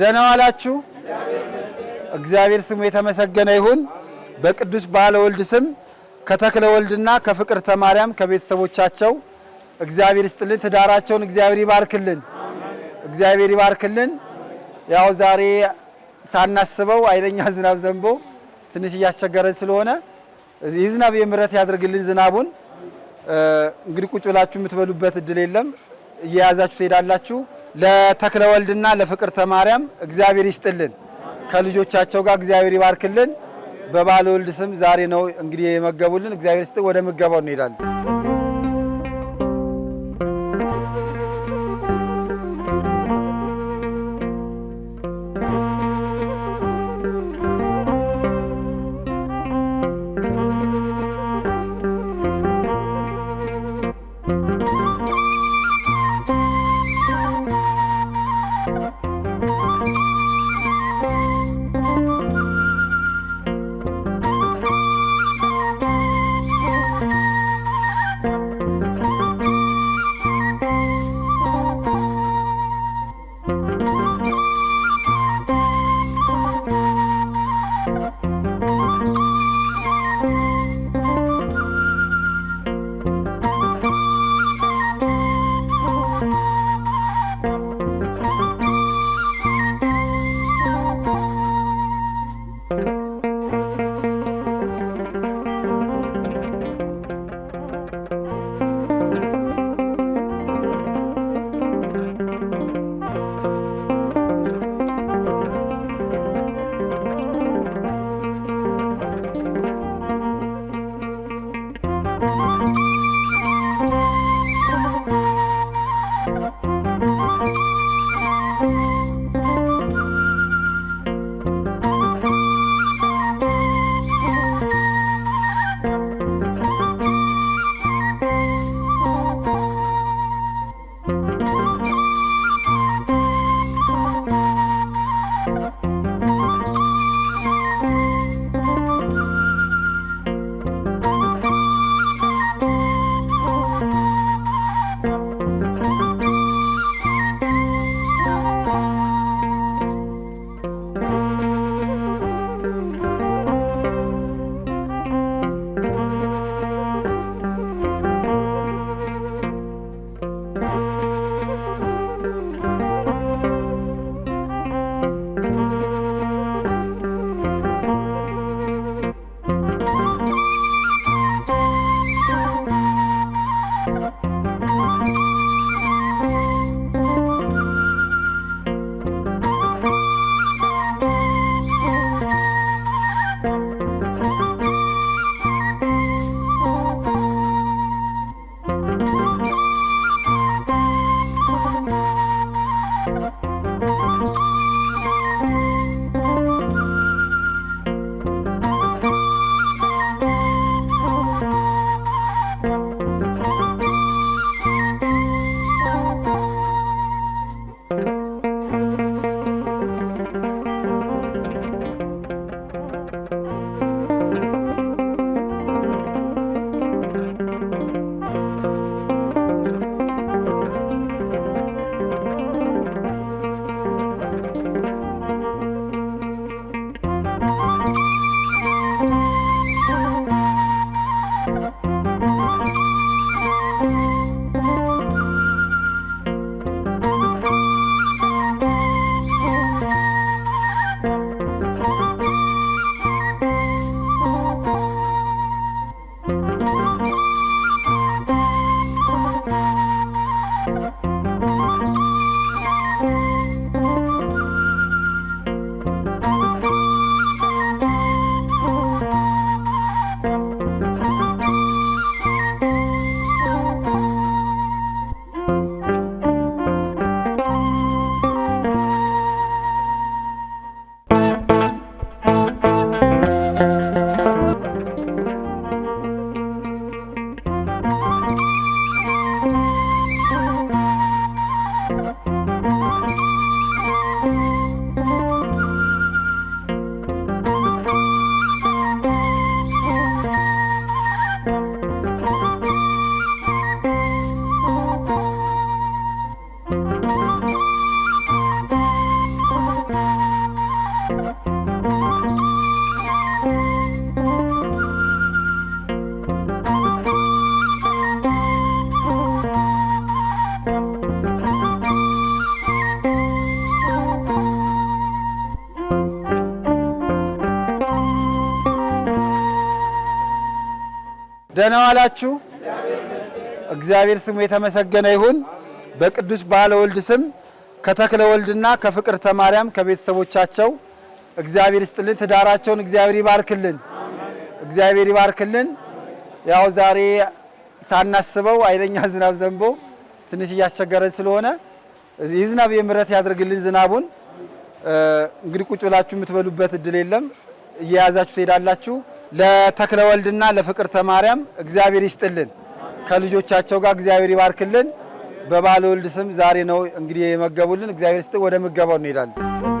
ደህና ዋላችሁ። እግዚአብሔር ስሙ የተመሰገነ ይሁን። በቅዱስ ባለ ወልድ ስም ከተክለ ወልድና ከፍቅርተ ማርያም ከቤተሰቦቻቸው እግዚአብሔር ይስጥልን፣ ትዳራቸውን እግዚአብሔር ይባርክልን፣ እግዚአብሔር ይባርክልን። ያው ዛሬ ሳናስበው አይለኛ ዝናብ ዘንቦ ትንሽ እያስቸገረን ስለሆነ ይህ ዝናብ የምረት ያድርግልን። ዝናቡን እንግዲህ ቁጭ ብላችሁ የምትበሉበት እድል የለም፣ እየያዛችሁ ትሄዳላችሁ። ለተክለ ወልድና ለፍቅርተ ማርያም እግዚአብሔር ይስጥልን፣ ከልጆቻቸው ጋር እግዚአብሔር ይባርክልን። በባለ ወልድ ስም ዛሬ ነው እንግዲህ የመገቡልን። እግዚአብሔር ይስጥ። ወደ ምገባው እንሄዳለን። ደህና ዋላችሁ። እግዚአብሔር ስሙ የተመሰገነ ይሁን። በቅዱስ ባለ ወልድ ስም ከተክለ ወልድና ከፍቅርተ ማርያም ከቤተሰቦቻቸው እግዚአብሔር ይስጥልን፣ ትዳራቸውን እግዚአብሔር ይባርክልን፣ እግዚአብሔር ይባርክልን። ያው ዛሬ ሳናስበው ኃይለኛ ዝናብ ዘንቦ ትንሽ እያስቸገረን ስለሆነ ይህ ዝናብ የምሕረት ያደርግልን ዝናቡን። እንግዲህ ቁጭ ብላችሁ የምትበሉበት እድል የለም፣ እየያዛችሁ ትሄዳላችሁ። ለተክለ ወልድና ለፍቅርተ ማርያም እግዚአብሔር ይስጥልን፣ ከልጆቻቸው ጋር እግዚአብሔር ይባርክልን። በባለ ወልድ ስም ዛሬ ነው እንግዲህ የመገቡልን። እግዚአብሔር ይስጥ። ወደ ምገባው እንሄዳለን።